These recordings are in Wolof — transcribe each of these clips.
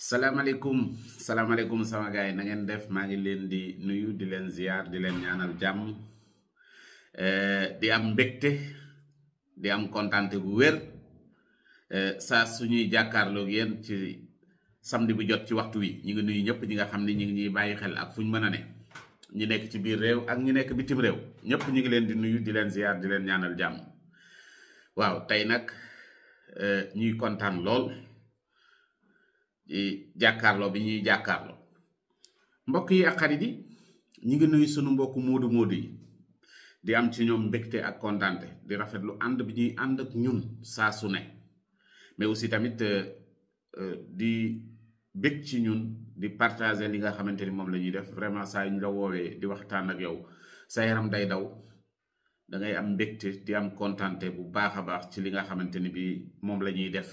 salaamaaleykum salaamaaleykum sama gars yi na ngeen def maa ngi leen di nuyu di leen ziar di leen ñaanal jàmm eh, di am mbégte di am kontante bu wér eh, saa suñuy jàkkaarloog yéen ci samedi bu jot ci waxtu wi ñu ngi nuyu ñëpp ñi nga xam ni ñu ngi ñuy bàyyi xel ak fu ñu mën a ne ñu nekk ci biir réew ak ñu nekk bitim réew ñépp ñu ngi leen di nuyu di leen ziar di leen ñaanal jàmm waaw tey nag eh, ñuy kontaan lool. jàkkaarloo bi ñuy jàkkaarloo mbokk yi ak xarit yi ñu ngi nuyu sunu mbokk moodu moodu yi di am ci ñoom mbégte ak kontante di rafetlu ànd bi ñuy ànd ak ñun saa su ne mais aussi tamit euh, euh, di bég ci ñun di partager li nga xamante ni moom lañuy def vraiment saa yu la woowee di waxtaan ak yow sa yaram day daw dangay am mbégte di am kontante bu baax a baax ci li nga xamante ni bi moom la ñuy def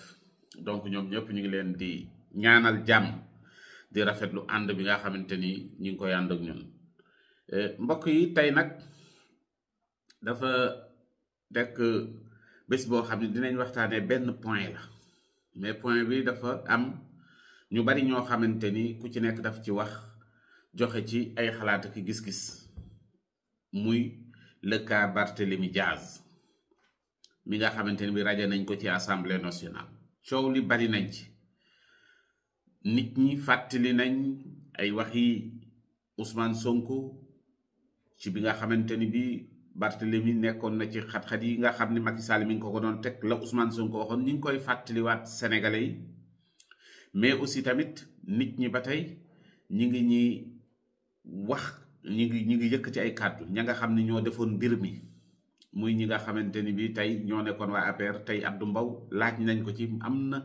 donc ñoom ñëpp ñu ngi leen di. ñaanal jàmm di rafetlu ànd bi nga xamante ni ñu ngi koy ànd ak ñun eh, mbokk yi tey nag dafa dekk bés boo xam ne dinañ waxtaanee benn point la mais point bi dafa am ñu bari ñoo xamante ni ku ci nekk dafa ci wax joxe ci ay xalaat ak gis-gis muy le cas Barthélémy Diaz mi nga xamante ni bi rajo nañ ko ci assemblée nationale coow li bari nañ ci. nit ñi fàttali nañ ay waxi Ousmane Sonko ci bi nga xamante ni bi Barthélemy nekkoon na ci xat-xat yi nga xam ni Macky Sall mi ngi ko ko doon teg la Ousmane Sonko waxoon ñu ngi koy fàttaliwaat sénégalais yi mais aussi tamit nit ñi ba tey ñi ngi ñuy wax ñi ngi ñi ngi yëkk ci ay kàddu ña nga xam ne ñoo defoon mbir mi muy ñi nga xamante ni bi tey ñoo nekkoon waa APR tey Abdou mbaw laaj nañ ko ci am na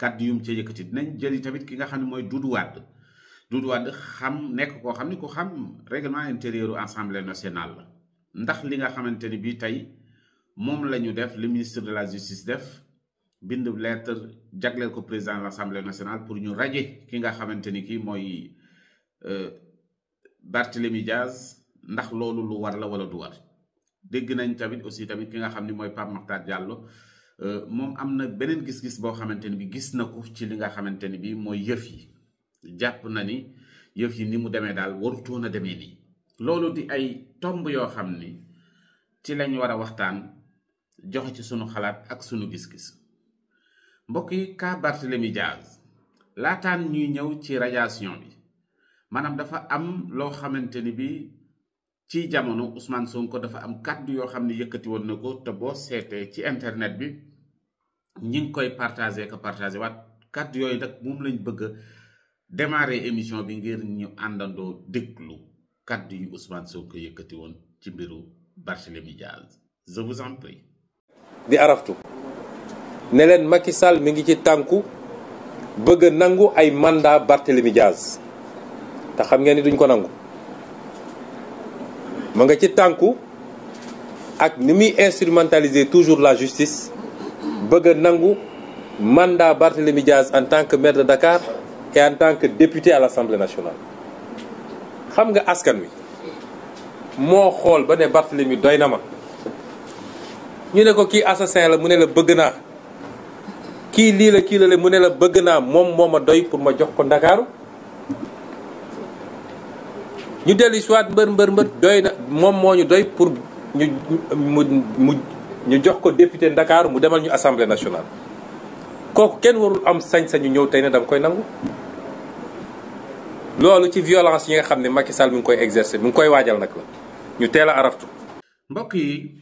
kàddu yum ca yëkkati dinañ jëli tamit ki nga xam ne mooy Doudou Wade Doudou Wade xam nekk koo xam ni ku xam règlement intérieur u assemblée nationale la ndax li nga xamante ni bi tey moom la ñu def le ministre de la justice def bind lettre jagleel ko président de l'assemblée nationale pour ñu raje ki nga xamante ni kii mooy euh, Barthélémy Diaz ndax loolu lu war la wala du war dégg nañ tamit aussi tamit ki nga xam ni mooy Pape Makhtar Diallo euh, moom am na beneen gis-gis boo xamante ni bi gis na ko ci li nga xamante ni bi mooy yëf yi jàpp na ni yëf yi ni mu demee daal warutoon a demee nii loolu di ay tomb yoo xam ni ci lañ war a waxtaan joxe ci sunu xalaat ak sunu gis-gis mbokk yi ka Barthélemy Diaz laataan ñuy ñëw ci radiation bi maanaam dafa am loo xamante bi ci jamono Ousmane Sonko dafa am kàddu yoo xam ne yëkkati woon na ko te boo seetee ci internet bi ñi ngi koy partagé ko partagé waat kàddu yooyu nag moom lañ bëgg a démarrer émission bi ngir ñu àndandoo déglu kàddu yu Ousmane ko yëkkati woon ci mbiru Barthélémy Diaz je vous en prie. di araftu ne leen Macky Sall mi ngi ci tànku bëgg nangu ay mandat Barthélémy Diaz te xam ngeen ni duñ ko nangu. ma nga ci tànku ak ni muy instrumentaliser toujours la justice bëgg a nangu mandat Barthélémy Diaz en tant que maire de Dakar et en tant que député à l'Assemblée nationale xam nga askan wi moo xool ba ne Barthélémy doy na ma ñu ne ko kii assassin la mu ne la bëgg naa kii lii la kii la la mu ne la bëgg naa moom moo ma doy pour ma jox ko Ndakaaru ñu dellu si waat mbër mbër mbër doy na moom moo ñu doy pour ñu mu mu ñu jox ko député Ndakaaru mu demal ñu assemblée nationale kooku kenn warul am sañ-sañu ñëw tey na dama koy nangu. loolu ci violence yi nga xam ne Macky Sall mi ngi koy exercer mu ngi koy waajal nag la ñu teel a araftu. mbokk yi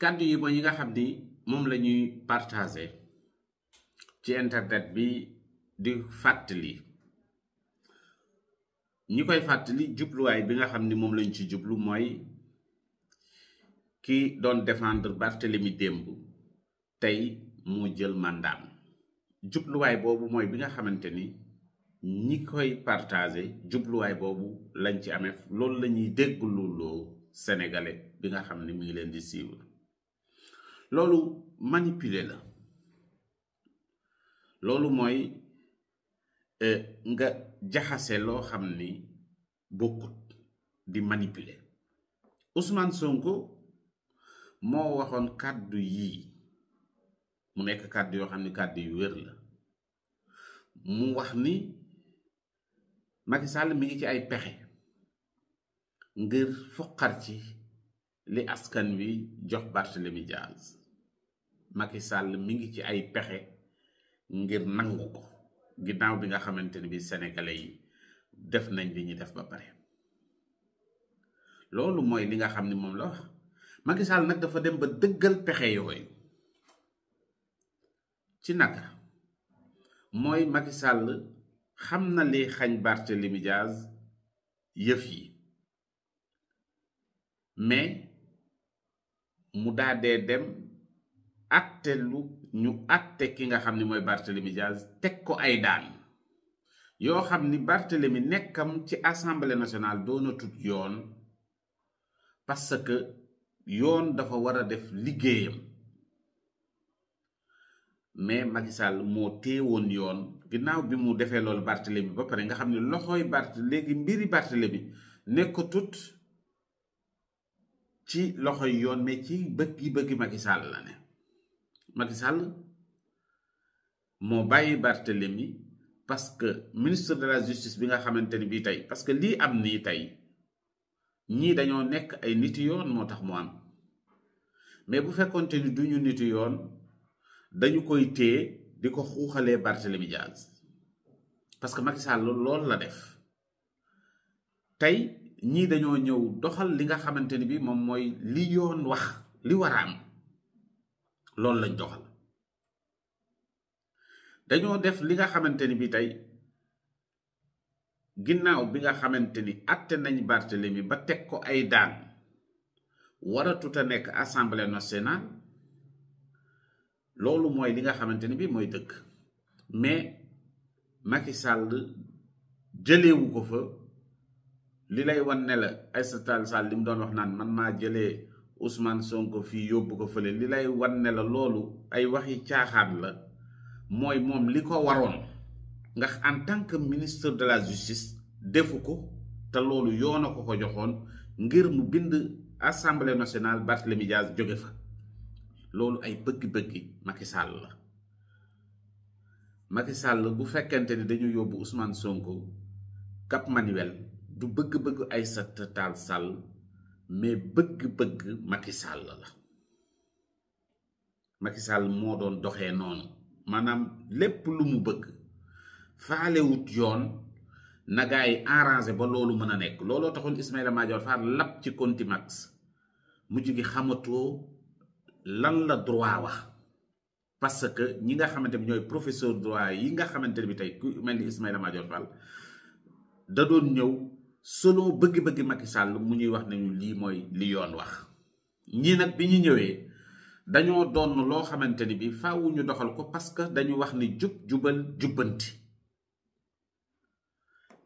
kàddu yi mooy yi nga xam ni moom la ñuy partagé ci internet bi di fàttali. ñi koy fàttali jubluwaay bi nga xam ni moom lañu ci jublu mooy ki doon défendre Barthélemy démb tey moo jël mandaam jubluwaay boobu mooy bi nga xamante ni ñi koy partagé jubluwaay boobu lañ ci amee loolu lañuy ñuy dégg looloo sénégalais bi nga xam ni mu ngi leen di suivre loolu manipule la loolu mooy. Euh, nga jaxase loo xam ni bokkut di manipuler Ousmane Sonko moo waxoon kàddu yii mu nekk kàddu yoo xam ni kàddu yu wér la mu wax ni Macky Sall mi ngi ci ay pexe ngir foqar ci li askan wi jox Barthélemy Diaz Macky Sall mi ngi ci ay pexe ngir nangu ko ginnaaw bi nga xamante ni bi sénégalais yi def nañ li ñuy def ba pare loolu mooy li nga xam ni moom la wax Macky nag dafa dem ba dëggal pexe yooyu ci naka mooy Macky Sall xam na li xañ Barthélémy Dias yëf yi mais mu daadee dem atte lu ñu àtte ki nga xam ni mooy Barthélemy Diaz teg ko ay daan yoo xam ni bartelemi nekkam ci assemblée national doona tut yoon parce que yoon dafa war a def liggéeyam mais Macky Sall moo téewoon yoon ginnaaw bi mu defee loolu Barthélemy ba pare nga xam ni loxooy Barth léegi mbiri Barthélemy nekkatut ci loxoy yoon mais ci bëggi-bëggi Macky Sall la ne Macky moo bàyyi Barthélemy parce que ministre de la justice bi nga xamante ni bii tey parce que lii am nii tey ñii dañoo nekk ay niti yoon moo tax mu am mais bu fekkonte ni duñu niti yoon dañu koy téye di ko xuuxalee Barthélemy Diaz parce que Macky Sall loolu la def tey ñii dañoo ñëw doxal li nga xamante ni bii moom mooy li yoon wax li war a am loolu lañ doxal dañoo def li nga xamante ni bi tey ginnaaw bi nga xamante ni atte nañ mi ba teg ko ay daan waratut a nekk assemblée nationale loolu mooy li nga xamante ni bi mooy dëkk mais Macky Sall jëleewu ko fa li lay wan ne la Aïssata Tall Sall li mu doon wax naan man maa jëlee Ousmane Sonko fii yóbbu ko fële li lay wan ne la loolu ay waxi caaxaan la mooy moom li ko waroon nga en tant que ministre de la justice defu ko te loolu yoona ko ko joxoon ngir mu bind assemblée nationale Barthélémy Dias joge fa loolu ay bëgg-bëggi Macky la Macky Sall bu fekkente ni dañu yóbbu Ousmane Sonko Cap Manuel du bëgg-bëgg Aïssata Tall Sall mais bëgg-bëgg Macky Sall la Macky moo doon doxee noonu maanaam lépp lu mu bëgg faalewut yoon nagaay arrangé ba loolu mën a nekk looloo taxoon Ismaïla Madior Fall lap ci contimax mujj gi xamatoo lan la droit wax parce que ñi nga xamante bi ñooy professeur droit yi nga xamante bi tey ku mel ni Ismaïla Madior Fall da doon ñëw selon bëgg-bëgg Macky Sall mu ñuy wax nañu lii mooy li yoon wax ñii bi ñu ñëwee dañoo donn loo xamante ni bi faawu ñu doxal ko parce que dañu wax ni jub jubal jubbanti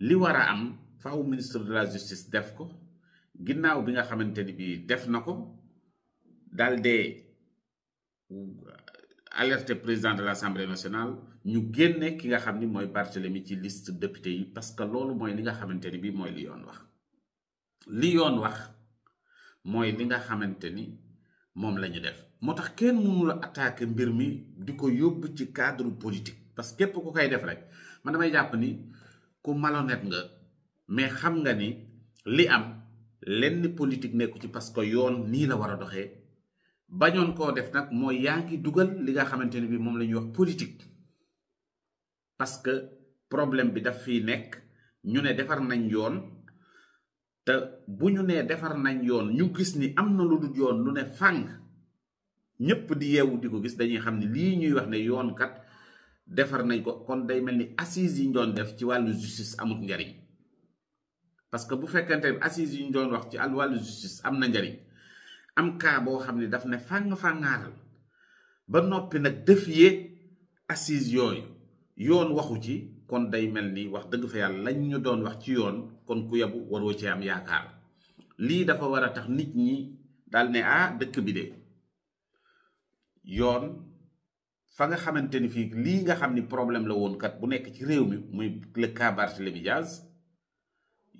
li war a am faw ministre de la justice def ko ginnaaw bi nga xamante ni bi def na ko dalde de euh, alerter président de l'Assemblée nationale ñu génne ki nga xam ni mooy Barthélemy ci liste député yi parce que loolu mooy li nga xamante ni bii mooy li yoon wax li yoon wax mooy li nga xamante ni moom la ñu def moo tax kenn mënula attaquer mbir mi di ko yóbbu ci cadre politique parce que képp ko koy def rek man damay jàpp ni ku malhonnête nga mais xam nga ni li am lenn politique nekku ci parce que yoon nii la war a doxee bañoon koo def nag mooy yaa ngi dugal li nga xamante ni bii moom la ñuy wax politique parce que problème bi daf fii nekk ñu ne defar nañ yoon te bu ñu nee defar nañ yoon ñu gis ni am na lu dul yoon lu ne fàng ñépp di yeewu di ko gis dañuy xam ne lii ñuy wax ne yoon kat defar nañ ko kon day mel ni assises yi ñu doon def ci wàllu justice amut njariñ parce que bu fekkente ne assises yi ñu doon wax ci wàllu justice am na njariñ am cas boo xam ne daf ne fàng fàngaaral ba noppi nag défier assises yooyu yoon waxu ci kon day mel ni wax dëgg fa yàlla lañ ñu doon wax ci yoon kon ku yebu waroo ci am yaakaar lii dafa war a tax nit ñi daal ne ah dëkk bi de yoon fa nga xamante ni fii lii nga xam ni problème la woon kat bu nekk ci réew mi muy le cas Barthélémy Dias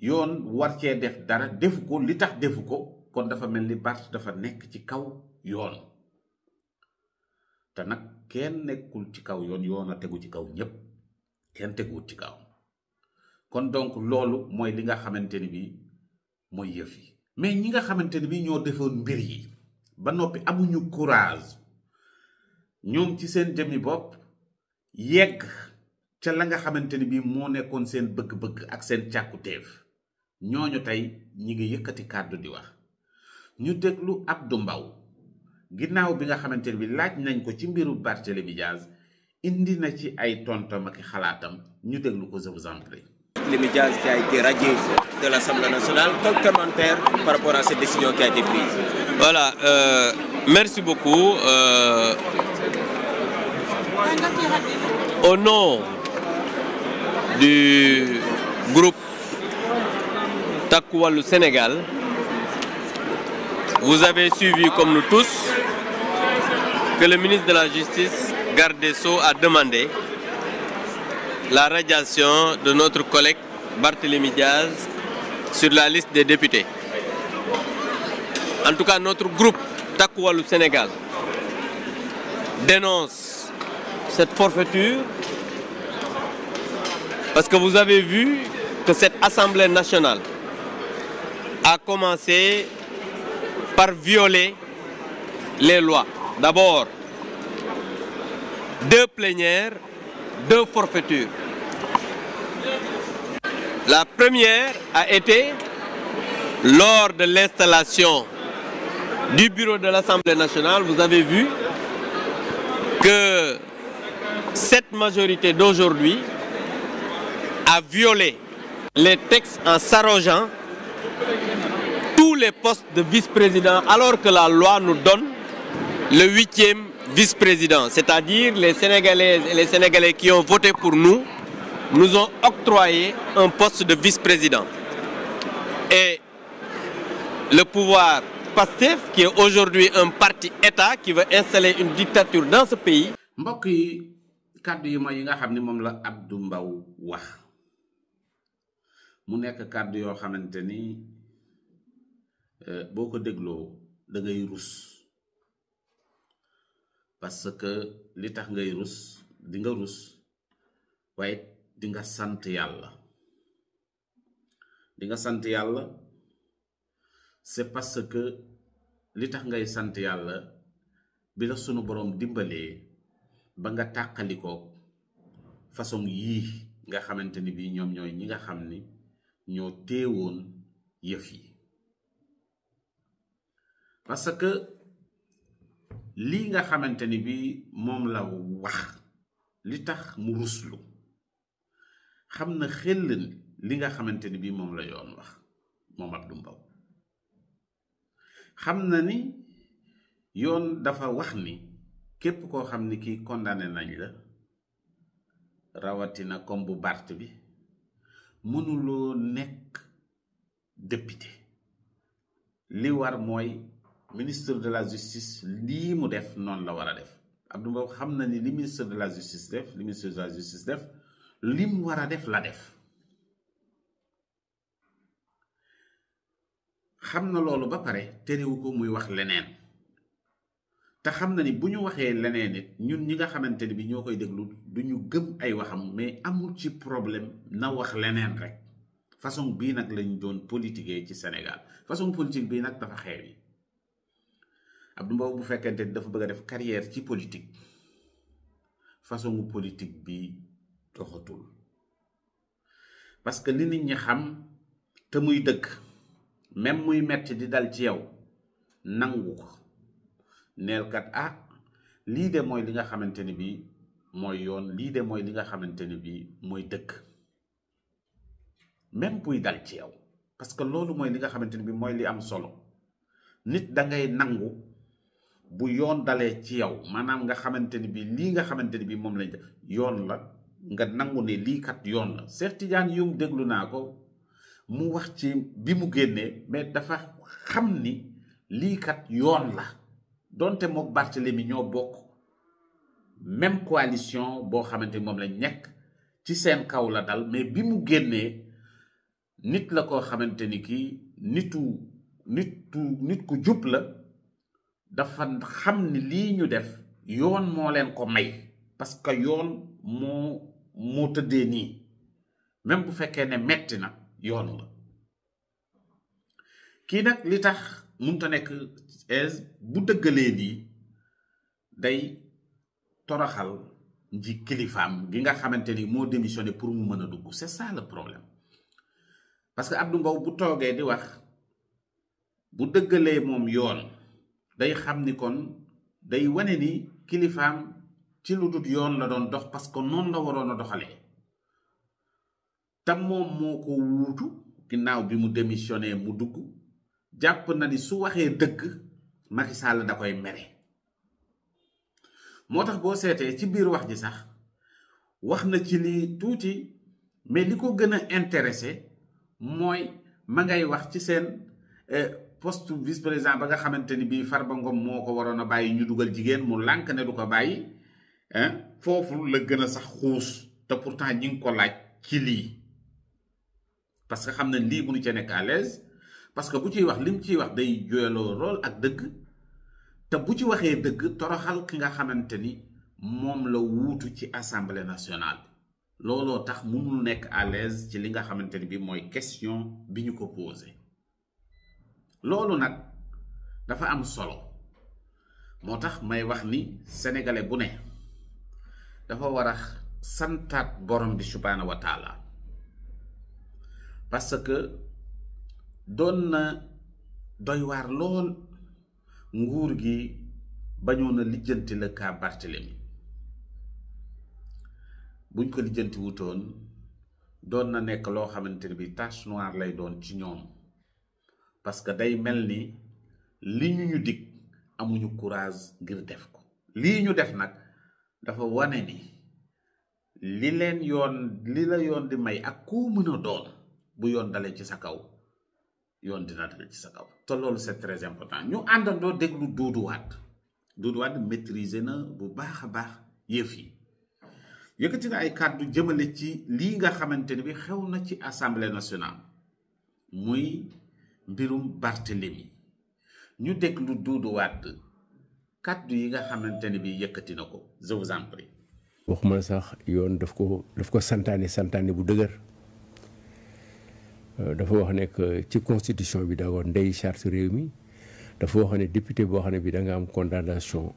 yoon war cee def dara defu ko li tax defu ko kon dafa mel ni Barth dafa nekk ci kaw yoon te nag kenn nekkul ci kaw yoon yoon a tegu ci kaw ñépp kenn teguwut ci kaw kon donc loolu mooy li nga xamante ni bii mooy yëf yi mais ñi nga xamante ni bii ñoo defoon mbir yi ba noppi amuñu courage ñoom ci seen jëmmi bopp yegg ca la nga xamante ni bii moo nekkoon seen bëgg-bëgg ak seen càkkutéef ñooñu tey ñi ngi yëkkati kàddu di wax ñu déglu ab du mbaw ginnaaw bi nga xamante ne bi laaj nañ ko ci mbiru Barthélemy Diaz indi na ci ay tontam ak xalaatam ñu déglu ko je vous en prie. Barthélemy Diaz qui a été radié de l'Assemblée nationale comme commentaire par rapport à cette décision qui a été prise. Voilà, euh, merci beaucoup. Euh, au nom du groupe Takku Wallu Sénégal, vous avez suivi comme nous tous que le ministre de la Justice, Garde des Sceaux, a demandé la radiation de notre collègue Barthélémy Diaz sur la liste des députés. En tout cas, notre groupe Takoualou Sénégal dénonce cette forfaiture parce que vous avez vu que cette Assemblée nationale a commencé par violer les lois. D'abord, deux plénières, deux forfaitures. La première a été lors de l'installation du bureau de l'Assemblée nationale, vous avez vu que cette majorité d'aujourd'hui a violé les textes en s'arrogeant tous les postes de vice-président alors que la loi nous donne le huitième vice-président, c'est-à-dire les Sénégalaises et les Sénégalais qui ont voté pour nous, nous ont octroyé un poste de vice-président. Et le pouvoir PASTEF, qui est aujourd'hui un parti État qui veut installer une dictature dans ce pays. mbokk yi kàddu ma yi nga xam ni moom la Abdou Mbow wax mu nekk kàddu yoo xamante ni euh, boo ko dégloo da ngay rus. parce que li tax ngay rus di nga rus waaye di nga sant yàlla di nga sant yàlla c'est parce que li tax ngay sant yàlla bi la sunu borom dimbalee ba nga tàqalikook façon yii nga xamante ni bii ñoom ñooy ñi nga xam ni ñoo teewoon yëf yi parce que lii nga xamante ni bi moom la wax li tax mu ruslu xam na xellan li nga xamante ni bi moom la yoon wax moom Abdou Mbow xam na ni yoon dafa wax ni képp koo xam ni kii condamné nañ la rawatina comme bu Barth bi mënuloo nekk député li war mooy ministre de la justice lii mu def noonu la war a def Abdou Mbow xam na ni li ministre de la justice def li ministre de la justice def li mu war a def la def xam na loolu ba pare terewu ko muy wax leneen te xam na ni bu ñu waxee leneen it ñun ñi nga xamante ni bi ñoo koy déglu du ñu gëm ay waxam mais amul ci problème na wax leneen rek façon bii nag lañ doon politiquer ci senegal façon politique bii nag dafa xeew yi Abdou Mbow bu fekkente dafa bëgg a def carrière ci politique façon politique bi doxatul parce que li nit ñi xam te muy dëkk même muy metti di dal ci yow nangu ko neelkat ah lii de mooy li nga xamante ni bii mooy yoon lii de mooy li nga xamante ni bii mooy dëkk même buy dal ci yow parce que loolu mooy li nga xamante ni bii mooy li am solo nit dangay nangu. bu yoon dalee ci yow maanaam nga xamante ni bi lii nga xamante ni bi moom lañ yoon la nga nangu ne liikat yoon la Cheikh Tidiane Youm déglu naa ko mu wax ci bi mu génnee mais dafa xam ni liikat yoon la donte mook Barthélemy ñoo bokk même coalition boo xamante ni moom lañ nekk ci seen kaw la dal mais bi mu génnee nit la koo xamante ni kii nitu nitu nit ku jub la dafa xam ni lii ñu def yoon moo leen ko may parce que yoon moo moo tëddee nii même bu fekkee ne metti na yoon la kii nag li tax mënta nekk aise bu dëggalee lii day toroxal nji kilifaam gi nga xamante ni moo démissionné pour mu mën a dugg c'est ça le problème parce que Abdou bu toogee di wax bu dëggalee moom yoon day xam ni kon day wane ni kilifaam ci lu dut yoon la doon dox parce que noonu la waroon a doxalee te moom moo ko wuutu ginnaaw bi mu démissionné mu dugg jàpp na ni su waxee dëkk Macky Sall da koy mere moo tax boo seetee ci biir wax ji sax wax na ci li tuuti mais li ko gën a intéressé mooy ma ngay wax ci seen euh, poste vice exemple ba nga xamante ni bii ba Ngom moo ko waroon a bàyyi ñu dugal jigéen mu lànk ne du ko bàyyi foofu la gën a sax xuus te pourtant ñi ngi ko laaj ci lii parce que xam na lii bu ñu ci nekk à parce que bu ciy wax lim ciy wax day jooyloo lool ak dëgg te bu ci waxee dëgg toroxal ki nga xamante ni moom la wuutu ci assemblée nationale looloo tax mënul nekk à ci li nga xamante ni bii mooy question bi ñu ko posé. loolu nag dafa am solo moo tax may wax ni sénégalais bu ne dafa war a santaat borom bi subhaana wa taala parce que doon na doy waar lool nguur gi bañoon na lijjanti la kaa Barthélemy buñ ko lijjanti wutoon doon na nekk loo xamante ne bi tache noire lay doon ci ñoom parce que day mel ni li ñu ñu dikk amuñu courage ngir def ko lii ñu def nag dafa wane ni li leen yoon li la yoon di may ak koo mën a doon bu yoon dalee ci sa kaw yoon dina dal ci sa kaw te loolu c'est très important ñu àndandoo déglu Doudou Wade Doudou Wade na bu baax a baax yëf yi yëkkati na ay kàddu jëmale ci lii nga xamante ni bi xew na ci assemblée nationale muy mbirum Barthélemy ñu déglu Doudou Wade kàddu yi nga xamante ne bi yëkkati na ko je vous en prie. waxuma sax yoon daf ko daf ko santaane santaane bu dëgër euh, dafa wax ne ci constitution bi d'abord ndey charte réew mi dafa wax ne député boo xam ne bi da nga am condamnation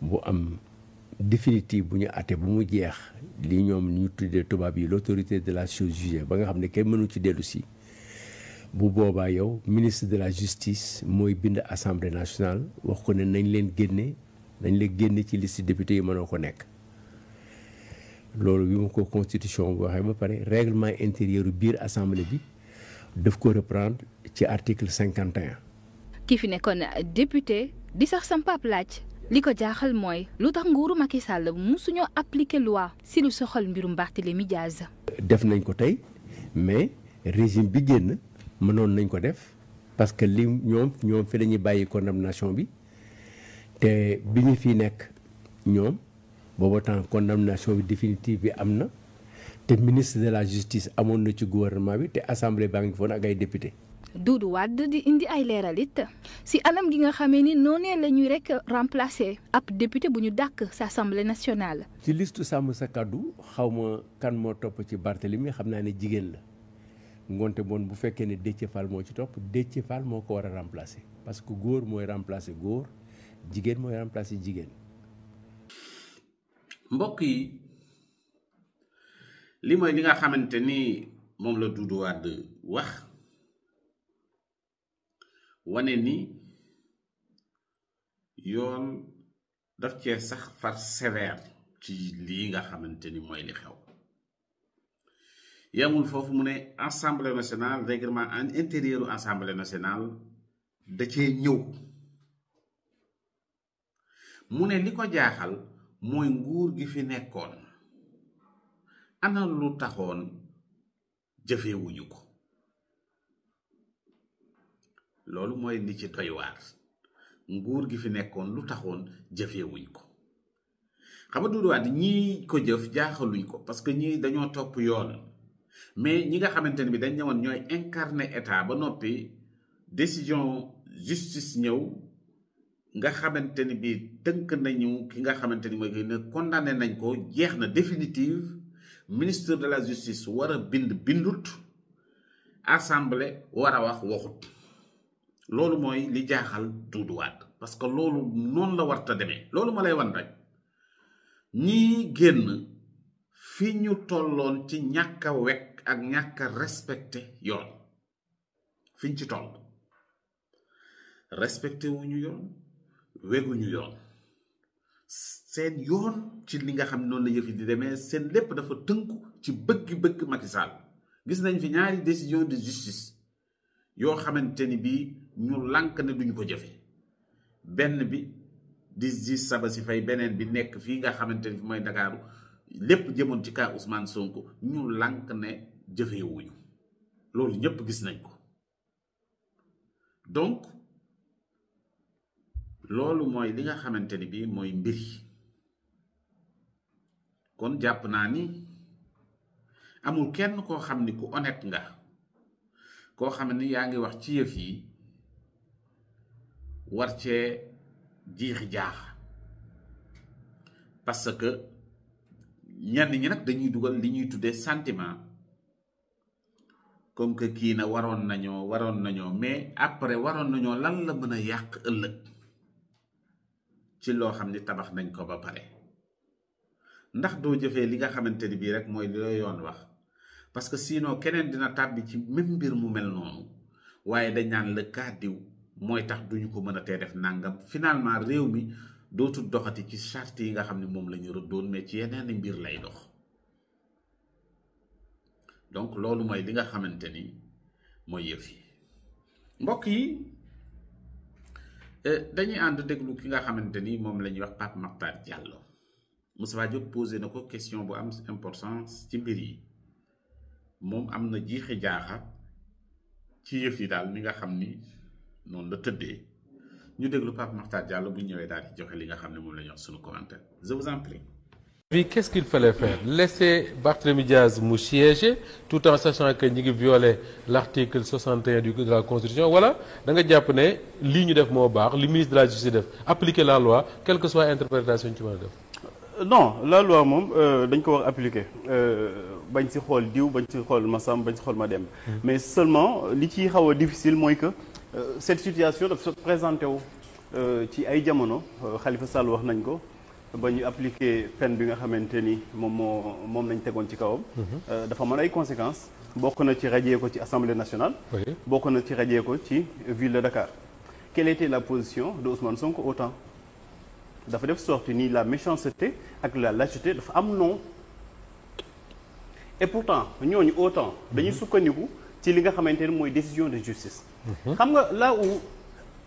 bu am définitive bu ñu àtte bu mu jeex li ñoom ñu tuddee tubaab yi l'autorité de la chose jugée ba nga xam ne kenn mënu ci dellu si. bu boobaa yow ministre de la justice mooy bind assemblée nationale wax ko ne nañ leen génne nañ leen génne ci liste député yi mënoo ko nekk loolu bi ma ko constitution bu waxee ba pare réglement intérieur biir assemblée bi def ko reprendre ci article cinquante et ki fi nekkoon député di sax sam pap laaj li ko jaaxal mooy lu tax nguuru Macky Sall musuñoo appliquer loi si lu soxal mbirum Barthélémy Diaz. def nañ ko tey mais régime bi génn. mënoon nañ ko def parce que li ñoom ñoom fi dañuy bàyyi condamnation bi te bi ñu fi nekk ñoom booba temps condamnation bi définitive bi am na te ministre de la justice amoon na ci gouvernement bi te assemblée baa ngi foon ak ay député Doudou Wade di indi ay leeralit si anam gi nga xamee ni noonee la ñuy rek remplacer ab député bu ñu dàkk sa assemblée nationale. ci listu sàmm sa kàddu xaw ma kan moo topp ci Barthélemy xam naa ne jigéen la. ngonte bon bu fekkee ne Déthié Fall moo ci topp Déthié Fall moo ko war a remplacer parce que góor mooy remplacer góor jigéen mooy remplacer jigéen. mbokk yi li mooy li nga xamante ni moom la Doudou Wade wax wane ni yoon daf cee sax far sévère ci lii nga xamante ni mooy li xew. yamul foofu mu ne assemblée nationale règlement intérieur assemblée nationale da cee ñëw mu ne li ko jaaxal mooy nguur gi fi nekkoon ana lu taxoon jëfewuñu ko loolu mooy li ci doy nguur gi fi nekkoon lu taxoon jëfewuñ ko xam nga duuduwaat ñii ko jëf jaaxaluñ ko parce que ñii dañoo topp yoon mais ñi nga xamante ne bi dañ ñëwoon ñooy incarner état ba noppi décision justice ñëw nga xamante ni bi tënk nañu ki nga xamante ni mooy que ne nañ ko jeex na définitive ministre de la justice war a bind bindut assemblée war a wax waxut loolu mooy li jaaxal Doudou Wade parce que loolu noonu la war ta demee loolu ma lay wan rek ñii génn fi ñu tolloon ci ñàkk wekk ak ñàkk a respecté yoon fi ñu ci toll respecté wu ñu yoon weguñu yoon seen yoon ci li nga xam noonu la yëf di demee seen lépp dafa tënku ci bëgg-bëgg Macky Sall gis nañ fi ñaari décision de justice yoo xamante ni bii ñu lànk ne duñu ko jëfe benn bi di di saba si fay beneen bi nekk fii nga xamante ni fi mooy Ndakaaru lépp jëmoon ci kaa Ousmane Sonko ñu lànk ne jëfeewuñu loolu ñëpp gis nañ ko donc loolu mooy li nga xamante ni bii mooy mbir yi kon jàpp naa ni amul kenn koo xam ni ku honnête nga koo xam ni yaa ngi wax ci yëf yi war cee jiixi jaax parce ñenn ñi nag dañuy dugal li ñuy tuddee sentiment comme que kii na waroon nañoo waroon nañoo mais après waroon nañoo lan la mën a yàq ëllëg ci loo xam ni tabax nañ ko ba pare ndax doo jëfee li nga xamante ni bii rek mooy li yoon wax parce que sinon keneen dina tàbbi ci même mbir mu mel noonu waaye dañ naan le cas diw mooy tax duñu ko mën a tee def nangam finalement réew mi dootul doxati ci charte yi nga xam ne moom la ñu rëddoon mais ci yeneen mbir lay dox donc loolu mooy li nga xamante ni mooy yëf yi mbokk yi eh, dañuy ànd déglu ki nga xamante ni moom la ñuy wax Pape Makhtar Diallo Moussa Diop posé na ko question bu am importance ci mbir yi moom am na jiixi jaaxa ci yëf yi daal mi nga xam ni noonu la tëddee. ñu déglu Pape Makhtar Diallo bu ñëwee daal di joxe li nga xam ne moom la ñu wax suñu commentaire je vous en prie. oui quest qu'il fallait faire laisser Barthélemy Diaz mu siéger tout en sachant que ñi ngi violer l'article 61 du de la constitution voilà da nga jàpp ne lii ñu def moo baax li ministre de la justice def appliquer la loi quelle que soit interprétation ñu ci mën a def. Euh, non la loi moom euh, dañ ko war appliquer euh, bañ si xool diw bañ si xool ma sàmm bañ si xool ma dem. Hmm. mais seulement li ciy xaw mooy que. Euh, cette situation dafa présenté wu euh, ci ay jamono xalifa euh, Sall wax nañ ko ba ñu appliqué peine bi nga xamante ni moom moo moom lañ tegoon ci kawam. Mhm. dafa man ay conséquence bokk na ci rajee ko ci assemblée nationale. bokk na ci rajee ko ci ville de Dakar. quelle était la position de Ousmane Sonko au temps dafa def sorti nii la méchanceté ak la lâcheté dafa am non et pourtant ñooñu au temps dañuy mhm. sukkandiku. ci li nga xamante ne mooy décision de justice. xam nga là où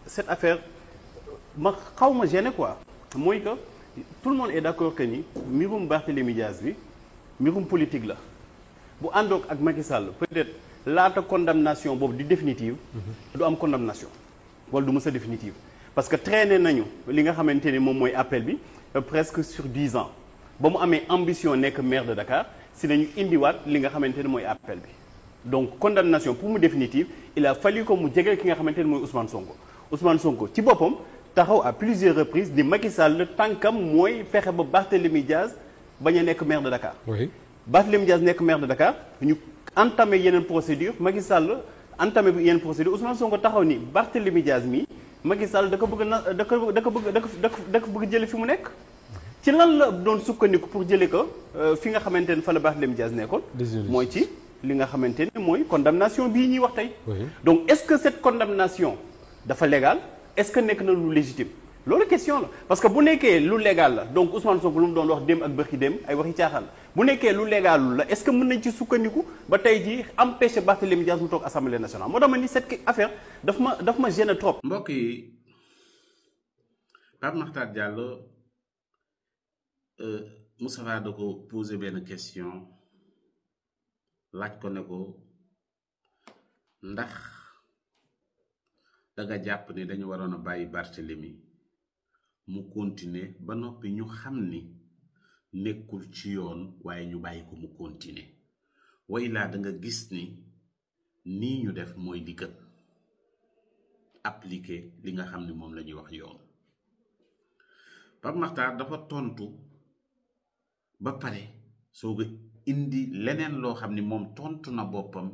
cette affaire ma xaw ma gêné quoi mooy que tout le monde est d' accord que ni mbirum Barthélémy Dias bi mbirum politique la bu àndoog ak Macky Sall peut-être laata condamnation boobu di définitive. du am condamnation wala du mës a définitive. parce que traîné nañu li nga xamante ni moom mooy appel bi euh, presque sur dix ans ba mu amee ambition nekk maire de Dakar si nañu indiwaat li nga xamante ni mooy appel bi. donc condamnation pour mu définitive il a fallu ko mu jegee ki nga xamante ne mooy Ousmane Sonko Ousmane Sonko ci boppam taxaw à plusieurs reprises di Macky Sall tànkam mooy fexe ba Barthélémy jaas bañ a nekk maire de Dakar. oui Barthélémy Diaz nekk maire de Dakar ñu entamé yeneen procédure Macky Sall entamé yeneen procédure Ousmane Sonko taxaw ni Barthélémy Diaz mi Macky Sall da ko bëgg na da ko da ko bëgg da ko da ko bëgg jële fi mu nekk. ci lan la doon sukkandiku pour jëlee ko euh, fi nga xamante ne fa la Barthélémy Diaz nekkoon. mooy ci. li nga xamante ne mooy condamnation bii ñuy wax tey. donc est-ce que cette condamnation dafa légal est-ce que nekk na lu légitime. loolu question la parce que bu nekkee lu légal la donc Ousmane Sonko lu mu doon wax démb ak bëxi démb ay waxi caaxaan la bu nekkee lu légalul la est-ce que mën nañ ci sukkandiku ba tey jii empêcher Barthélémy Dias mu toog assemblée nationale moo tax ma ni cette affaire dafa ma daf ma gêne trop. mbokk yi Pape Makhtar Diallo euh, Moustapha da laaj ko ne ko ndax danga jàpp ni dañu waroon a bàyyi Barthélemy mu continuer ba noppi ñu xam ni nekkul ci yoon waaye ñu bàyyi ko mu continuer way danga gis ni nii ñu def mooy li gën appliquer li nga xam ni moom la ñuy wax yoon Pape dafa tontu ba pare soo indi leneen loo xam ni moom tontu na boppam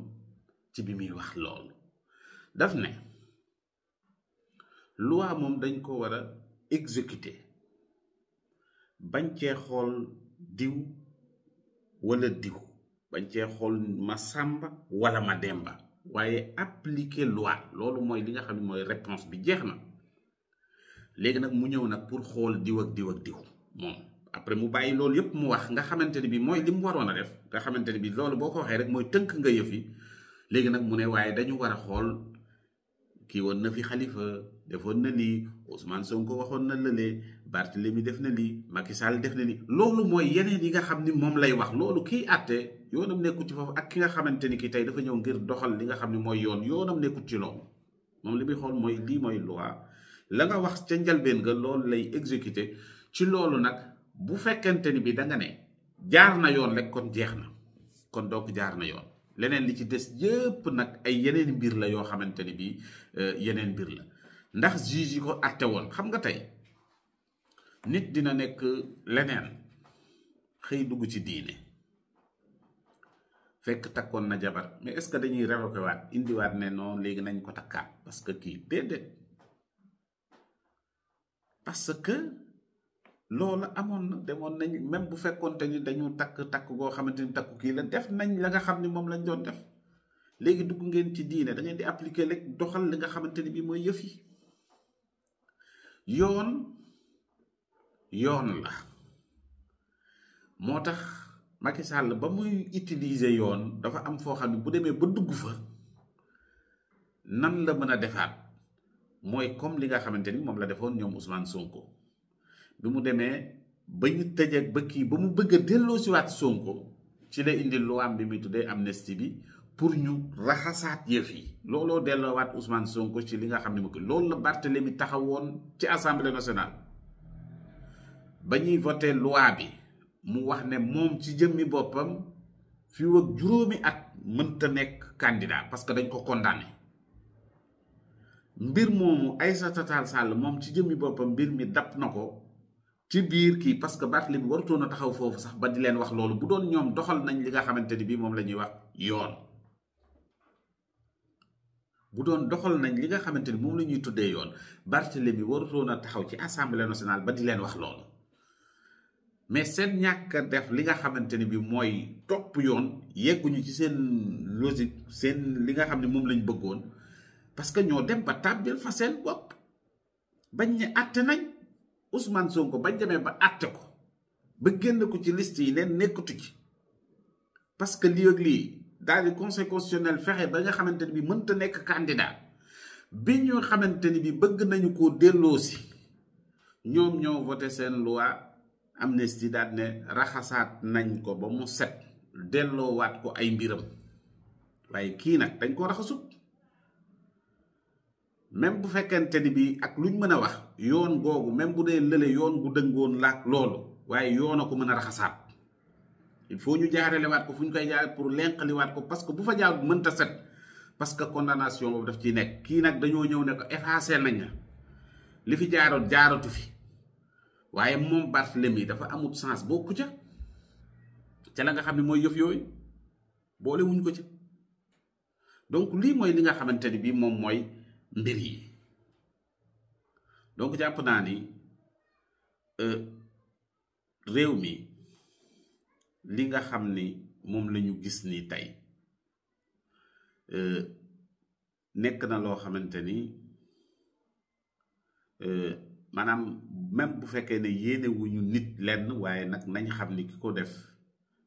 ci bi muy wax loolu daf ne loi moom dañ ko war a exécuter bañ cee xool diw wala diw bañ cee xool ma sàmba wala ma demba waaye appliquer luwaa loolu mooy li nga xam ne mooy réponse bi jeex na léegi nag mu ñëw nag pour xool diw ak diw ak diw moom après mu bàyyi loolu yëpp mu wax nga xamante ne bi mooy li mu waroon a def nga xamante ne bi loolu boo ko waxee rek mooy tënk nga yëf yi léegi nag mu ne waaye dañu war a xool kii woon na fi xalifa defoon na lii Ousmane ko waxoon na lële Barthélemy def na lii Macky Sall def na ni loolu mooy yeneen yi nga xam ni moom lay wax loolu kii àtte yoonam nekkut ci foofu ak ki nga xamante ni ki tey dafa ñëw ngir doxal li nga xam ne mooy yoon yoonam nekkut ci moom li muy xool mooy lii mooy loi la nga wax ca njalbeen nga loolu lay exécuté ci loolu nag bu fekkente ni bi da nga ne jaar na yoon rek kon jeex na kon donc jaar na yoon leneen li ci des yëpp nag ay yeneen mbir la yoo xamante ni bi euh, yeneen mbir la ndax juge yi ko àtte woon xam nga tey nit dina nekk leneen xëy dugg ci diine fekk takkoon na jabar mais est-ce que dañuy révoqué waat indiwaat ne non léegi nañ ko takkaat parce que kii déedéet parce que loolu amoon na demoon nañ même bu fekkonte ni dañu takk takk goo xamante ni takku kii la def nañ la nga xam ni moom lañ doon def léegi dugg ngeen ci diine da ngeen di appliquer rek doxal li nga xamante ni bii mooy yëf yi yoon yoon la moo tax Macky Sall ba muy utiliser yoon dafa am foo xam ne bu demee ba dugg fa nan la mën a defaat mooy comme li nga xamante ni moom la defoon ñoom Ousmane Sonko. bi mu demee ba ñu tëjeeg ba kii ba mu bëgg a delloo si waat Sonko ci la indi luwaam bi muy tuddee amnistie bi pour ñu raxasaat yëf yi looloo delloowaat Ousmane Sonko ci li nga xam ne mu ko loolu la mi taxawoon ci assemblée nationale ba ñuy voté luwaa bi mu wax ne moom ci jëmmi boppam fii wag juróomi at mënta nekk candidat parce que dañ ko condamné mbir moomu Aïssata Tall Sall moom ci jëmmi boppam mbir mi dab na ko ci biir kii parce que Barthélemy warutoon a taxaw foofu sax ba di leen wax loolu bu doon ñoom doxal nañ li nga xamante ni bii moom la ñuy wax yoon doon doxal nañ li nga xamante ni moom la ñuy tuddee yoon Barthélemy warutoon a taxaw ci assemblée nationale ba di leen wax loolu mais seen ñàkk def li nga xamante ni bii mooy topp yoon yegguñu ci seen logique seen li nga xam ne moom lañ bëggoon parce que ñoo dem ba tàbbeel fa seen bopp bañ àtte nañ. Ousmane ko bañ demee ba àtte ko ba génn ko ci list yi neen nekkatu ci parce que lii ak lii daal di conseil constitutionnel fexe ba nga xamante ni bi mënta nekk candidat bi ñu xamante ni bi bëgg nañu ko delloo si ñoom ñoo voté seen loi amnistie daal ne raxasaat nañ ko ba mu set delloowaat ko ay mbiram waaye kii nag dañ ko raxasut même bu fekkente ni bii ak lu ñu mën a wax yoon googu même bu dee lële yoon gu dëngoon laak loolu waaye yoon a ko mën a raxasaat il faut ñu jaarelewaat ko fu ñu koy jaare pour lenqaliwaat ko parce que bu fa jaar mënta set parce que condamnation boobu daf ciy nekk kii nag dañoo ñëw ne ko nañ li fi jaaroon jaaratu fi waaye moom Barthélemy dafa amut sens bokku ca ca la nga xam ne mooy yëf yooyu boole wuñ ko ci donc lii mooy li nga xamante ni bii moom mooy mbir yi donc jàpp naa ni euh, réew mi li nga xam ni moom lañu gis ni tey euh, nekk na loo xamante ni euh, maanaam même bu fekkee ne yéene nit lenn waaye nag nañ xam ni ki ko def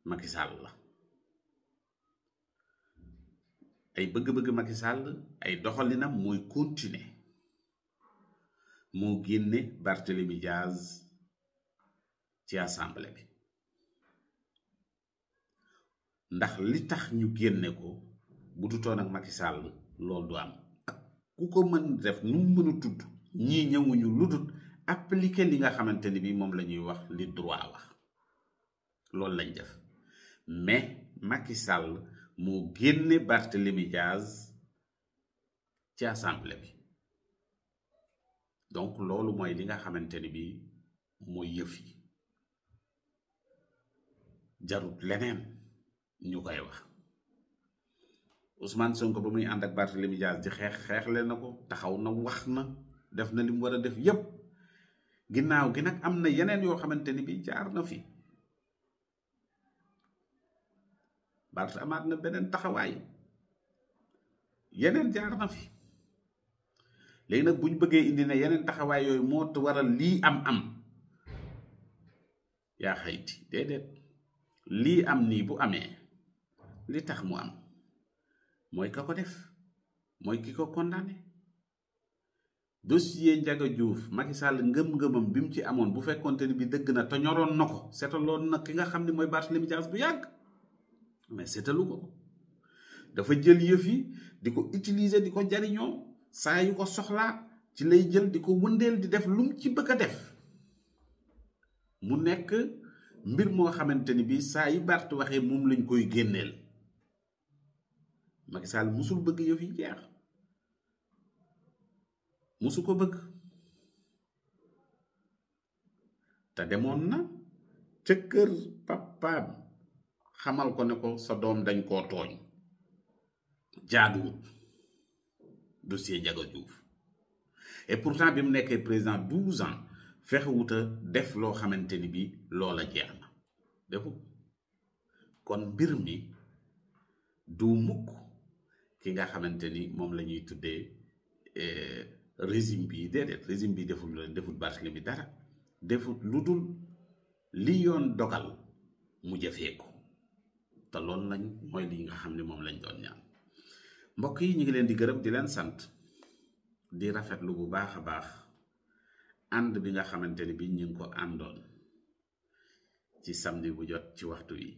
Macky Sall la ay bëgg-bëgg Macky Sall ay doxalinam mooy continuer moo génne Barthélemy Diaz ci assemblée bi ndax li tax ñu génne ko bu dutoon ak Macky Sall loolu du am ku ko mën def nu mu mën a tudd ñii ñëwuñu lu dul appliquer li nga xamante ni bi moom la ñuy wax li droit wax loolu lañ def mais Macky Sall moo génne Barthélemy Diaz ci assemblée bi donc loolu mooy li nga xamante ni bii mooy yëf yi jarut leneen ñu koy wax Ousmane Sonko ba muy ànd ak Barthélemy Diaz di xeex xeexle na ko taxaw na wax na def na li mu war a def yépp ginnaaw gi nag am na yeneen yoo xamante ni bii jaar na fi. Barth amaat na beneen taxawaay yeneen jaar na fi léegi nag bu ñu bëggee indi na yeneen taxawaay yooyu moo waral lii am am yaa xayti déedéet lii am nii bu amee li tax mu am mooy ka ko def mooy ki ko condamné dossier Ndiaga Diouf Macky ngëm-ngëmam bi mu ci amoon bu fekkonte ni bi dëgg na toñoroon na ko seetaloon na ki nga xam ne mooy Barthélémy Dias bu yàgg mais seetalu ko dafa jël yëfi di ko utilise di ko jariñoo saa yu ko soxlaa ci lay jël di ko wëndeel di def lum ci bëgg a def mu nekk mbir moo xamante ni bi saa yu Barth waxee moom lañ koy génneel Macky Sall musul bëgg yëf yi jeex musu ko bëgg te demoon na ca kër xamal ko ne ko sa doom dañ koo tooñ jaaduwut dossier Ndiaga Diouf et pourtant bi mu nekkee président 12 ans fexewut a def loo xamante ni bii loola jeex na defu kon mbir mi du mukk ki nga xamante ni moom la ñuy tuddee eh, régime bii déedéet régime bii deful deful Barthélemy dara defut lu dul li yoon dogal mu jafee ko te loolu lañ mooy li nga xam ne moom lañ doon ñaan mbokk yi ñu ngi leen di gërëm di leen sant di rafetlu bu baax a baax ànd bi nga xamante ni bi ñu ngi ko àndoon ci samedi bu jot ci waxtu yi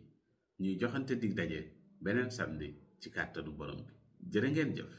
ñuy joxante dig daje beneen samedi ci kàttanu borom bi jërë ngeen jëf